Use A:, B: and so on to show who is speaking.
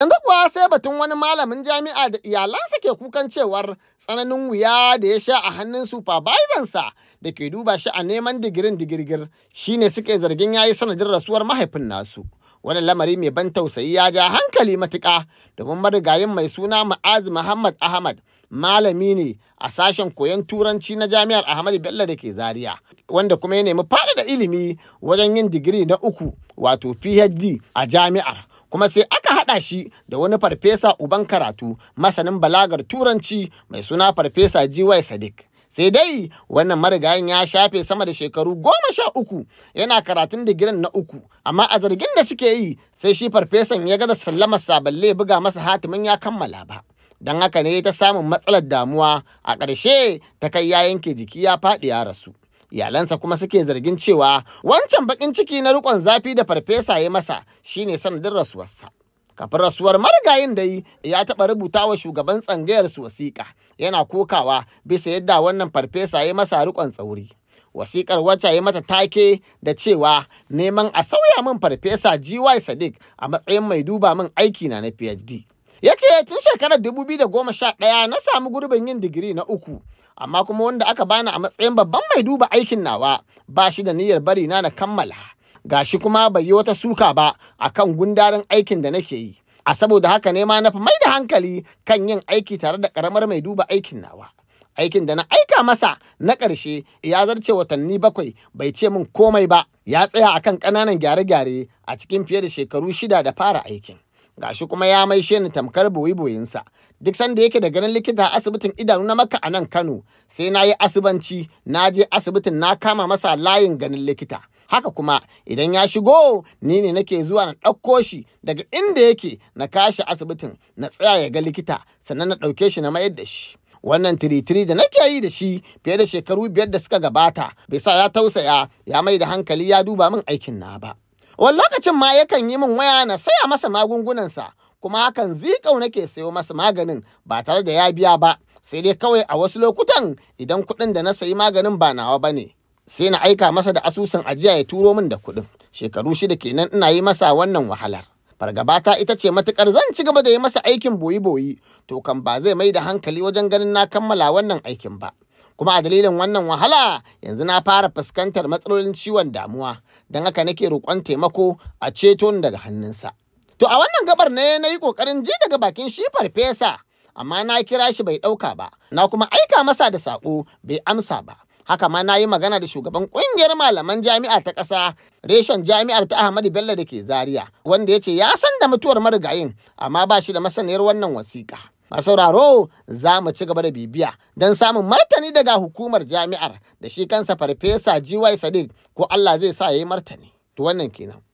A: Yanzu kuwa sai batun wani malamin jami'a da iyalansa ke kukan cewar tsananin wuya da ya sha a hannun supervisorsa da ke duba shi a neman digirin digirgir shine suke zargin yayi sanadin rasuwar mahaifin nasu. Wani lamari mai ban tausayi ya ja hankali matuƙa domin marigayin mai suna Ma'az Muhammad Ahmad malami ne a sashen koyon turanci na jami'ar Ahmadu Bello da ke Zaria wanda kuma ya nemi faɗaɗa ilimi wajen yin digiri na uku wato PhD a jami'ar. kuma sai aka haɗa shi da wani farfesa uban karatu masanin balagar turanci mai suna farfesa GY Sadiq. sai dai wannan marigayin ya shafe sama da shekaru goma sha uku yana karatun digirin na uku amma a zargin da suke yi sai shi farfesan ya gada sallamar saballe buga masa hatimin ya kammala ba don haka ne ta samun matsalar damuwa a ƙarshe ta kai ya yanke jiki ya faɗi ya rasu iyalansa kuma suke zargin cewa wancan bakin ciki na rikon zafi da farfesa ya masa shine sanadin rasuwarsa kafin rasuwar marigayin da yi ya taɓa rubuta wa shugaban tsangayar su wasiƙa yana kokawa bisa yadda wannan farfesa ya masa rikon tsauri wasiƙar wacce ya mata take da cewa neman a sauya min farfesa gy sadiq a matsayin mai duba min aiki na na phd ya ce tun shekarar 2011 na samu gurbin yin digiri na uku amma kuma wanda aka bani a matsayin babban mai duba aikin nawa ba shi da niyyar bari na na kammala shi kuma bai yi wata suka ba a kan gundarin aikin da nake yi a saboda haka ne ma na fi mai da hankali kan yin aiki tare da karamar mai duba aikin nawa aikin da na aika masa na ƙarshe ya zarce watanni bakwai bai ce min komai ba ya tsaya akan ƙananan gyare-gyare a cikin fiye da shekaru shida da fara aikin gashi kuma ya maishe ni tamkar boyi-boyinsa duk sanda yake da ganin likita a asibitin idanu na maka a nan kano sai na yi asibanci na je asibitin na kama masa layin ganin likita haka kuma idan ya shigo ni ne nake zuwa na ɗauko shi daga inda yake na kashi asibitin na tsaya ya ga likita sannan na ɗauke shi na mayar da shi wannan tiritiri da nake yi da shi fiye da shekaru biyar da suka gabata bai sa ya tausaya ya mai da hankali ya duba min aikin na ba Wani lokacin ma yakan yi min waya na saya masa magungunansa, kuma hakan zikau nake sayo masa maganin ba tare da ya biya ba, sai dai kawai a wasu lokutan idan kuɗin da na sayi maganin ba nawa ba ne. Sai na aika masa da asusun ajiya ya turo min da kuɗin. Shekaru shida kenan ina yi masa wannan wahalar. fargabata ita ce matukar zan ci gaba da yi masa aikin boyi-boyi to kan ba zai mai da hankali wajen ganin na kammala wannan aikin ba kuma a dalilin wannan wahala yanzu na fara fuskantar matsalolin ciwon damuwa don haka nake roƙon taimako a ceton daga hannunsa. To a wannan gabar ne na yi ƙoƙarin je daga bakin shi farfesa, amma na kira shi bai ɗauka ba, na kuma aika masa da saƙo bai amsa ba. Haka ma na yi magana da shugaban ƙungiyar malaman jami'a ta ƙasa reshen jami'ar ta Ahmadu Bello da ke Zaria, wanda ya ce ya san da mutuwar marigayin, amma ba shi da masaniyar wannan wasiƙa. masauraro za mu ci gaba da bibiya don samun martani daga hukumar jami'ar da shi kansa farfesa gy sadiq ko allah zai sa ya yi martani to wannan kenan